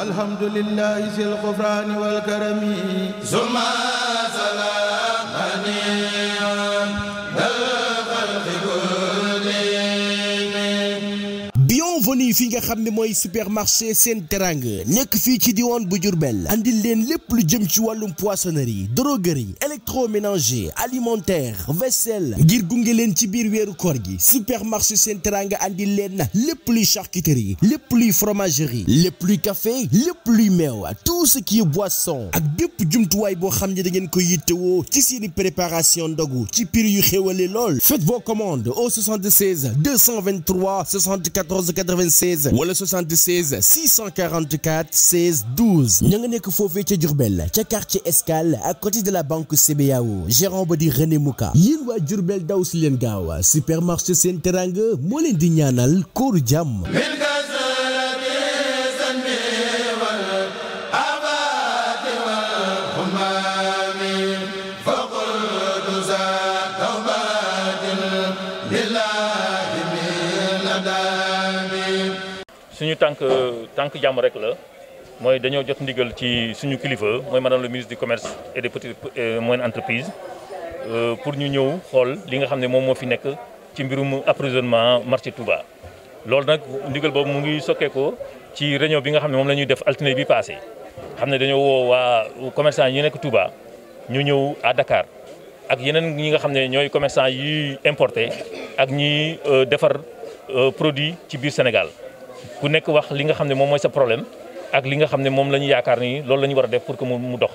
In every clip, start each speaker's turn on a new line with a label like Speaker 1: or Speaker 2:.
Speaker 1: alhamdulillahi zil ghufrani wal karami summa salamani bienvenue fi nga xam ne mooy supermarché seen teranga nekk fii ci diwaan bu Jurbel andil leen lépp lu jëm ci wàllum poissonnerie droguerie électroménager alimentaire vaisselle ngir gunge leen ci biir weeru koor gi supermarché seen teranga andi leen lépp luy charcuterie lépp luy fromagerie lépp luy café lépp luy meew tout ce qui est boisson ak bépp jumtuwaay boo xam ne da ngeen ko yittewoo ci seeni préparation ndogu ci prix yu xéwale lool faites vos commandes au 76 223 74 96 wala 76 644 16 12 ña nga nekk foofee ca Diourbel ca quartier Escale à côté de la banque CB CBAO gérant ba di René Mouka yéen waa Jurbel daw si leen gaawa supermarché seen teranga moo leen di ñaanal kóoru jàmm
Speaker 2: suñu tànk jàmm rek la mooy dañoo jot ndigal ci suñu kilifa mooy madame le ministre du commerce et des petites et euh, moyennes euh, pour ñu ñëw xool li nga xam ne moom moo fi nekk ci mbirum approvisionnement marché Touba. loolu nag ndigal boobu mu ngi sokkee ko ci réunion bi nga xam ne moom lañuy def altine bi passé xam ne dañoo woo waa commerçant yi nekk Touba ñu ñëw à Dakar ak yeneen ñi nga xam ne ñooy commerçant yi importé ak ñuy euh, defar produit ci biir Sénégal ku nekk wax li nga xam ne moom mooy sa problème. ak li nga xam ne moom la ñu yaakaar ni loolu la ñu war a def pour que mu dox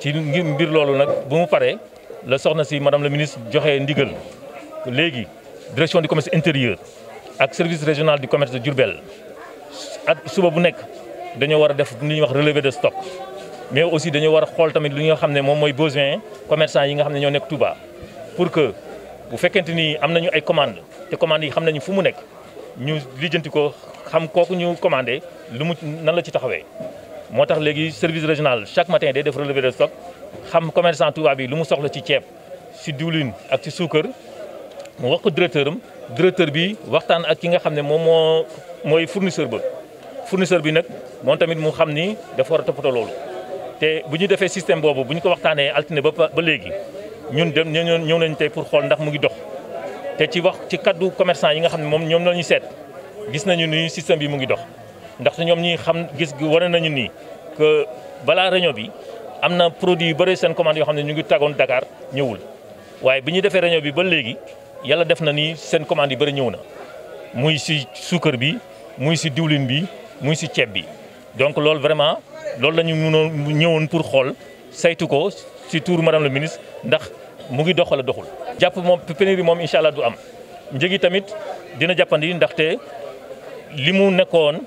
Speaker 2: ci mbir loolu nag bu mu paree la soxna si madame la ministre joxe ndigal léegi direction du commerce intérieur ak service régional di commerce de Diourbel ak suba bu nekk dañoo war a def lu ñuy wax relevé de stock mais aussi dañoo war a xool tamit lu nga xam ne moom mooy besoin commerçant yi nga xam ne ñoo nekk Touba pour que bu fekkente ni am nañu ay commande te commandes yi xam nañu fu mu nekk ñu ko xam kooku ñu commandé lu mu nan la ci taxawee. moo tax léegi service régional chaque matin day def relevé de stock xam commerçant Touba bi lu mu soxla ci ceeb si diwlin ak ci suukar mu wax ko directeur am directeur bi waxtaan ak ki nga xam ne moom moo mooy fournisseur ba. fournisseur bi nag moom tamit mu xam ni dafa war a toppatoo loolu te bu ñu defee système boobu bu ñu ko waxtaanee altine ba ba léegi ñun dem ñëw nañ tey pour xool ndax mu ngi dox te ci wax ci kaddu commerçant yi nga xam ne moom ñoom la ñu seet. gis nañu ni système bi mu ngi dox te ñoom ñi xam gis wane nañu ni que balaa réunion bi am na produit yu bëri seen commande yoo xam ne ñu ngi tàggoon Dakar ñëwul waaye bi ñu defee réunion bi ba léegi yàlla def na ni seen commande yu bëri ñëw na muy si suukar bi muy si diwlin bi muy si ceeb bi donc loolu vraiment loolu lañu ñu mënoon ñëwoon pour xool saytu ko si tour madame le ministre ndax mu ngi dox wala doxul jàpp moom pénurie moom incha allah du am li mu nekkoon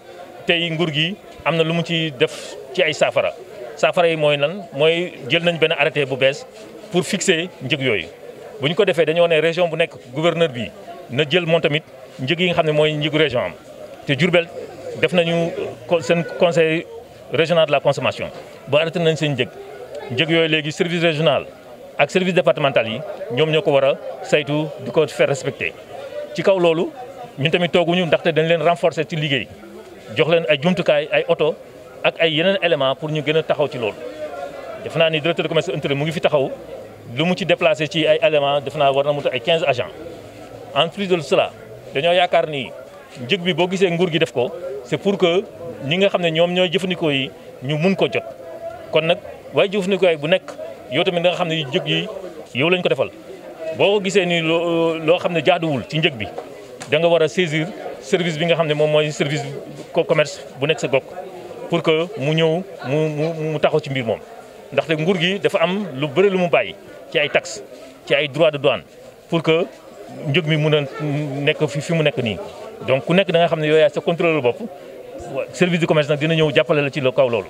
Speaker 2: tey nguur gi am na lu mu ci def ci ay saafara saafara yi mooy nan mooy jël nañ benn arrêté bu bees pour fixer njëg yooyu. bu ñu ko defee dañoo ne région bu nekk gouverneur bi na jël moom tamit njëg yi nga xam ne mooy njëgu région am te Diourbel def nañu seen conseil régional de la consommation ba arrêté nañ seen njëg njëg yooyu léegi service régional ak service départemental yi ñoom ñoo ko war a saytu di ko faire respecter ci kaw loolu. ñun tamit tooguñu ndaxte dañ leen renforcer ci liggéey jox leen ay jumtukaay ay oto ak ay yeneen élément pour ñu gën a taxaw ci loolu. def naa ni directeur de commerce intérieur mu ngi fi taxaw lu mu ci déplacé ci ay élément def naa war na mut ay 15 agents en plus de cela dañoo yaakaar ni njëg bi boo gisee nguur gi def ko c'est pour que ñi nga xam ne ñoom ñooy jëfandikoo yi ñu mun ko jot kon nag waaye jëfandikoo yi bu nekk yow tamit nga xam ne njëg yi yow lañ ko defal boo gisee ni loo xam ne jaaduwul ci njëg bi da nga war a saisir service bi nga xam ne moom mooy service commerce bu nekk sa gox pour que mu ñëw mu mu taxaw ci mbir moom. ndaxte nguur gi dafa am lu bëri lu mu bàyyi ci ay taxes ci ay droits de douane pour que njëg mi mun a nekk fi fi mu nekk nii. donc ku nekk da nga xam ne yow yaa sa contrôleur bopp service du commerce nag dina ñëw jàppale la ci la kaw loolu.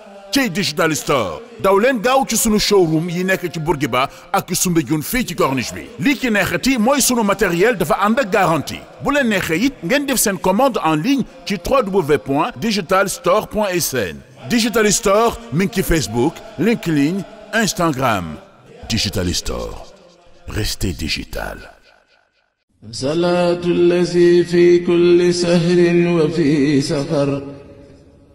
Speaker 3: ci digital store daw leen gaaw ci sunu showroom yi nekk ci Bourguiba ak Soumbédioune fi ci corniche bi lii ci neexati mooy sunu matériel dafa ànd ak garantie bu leen neexee it ngeen def seen commande en ligne ci www.digitalstore.sn digital store mi ngi ci Facebook LinkedIn Instagram digital store restez digital.
Speaker 1: salaatu lazi fi kulli sahrin wa fi safar.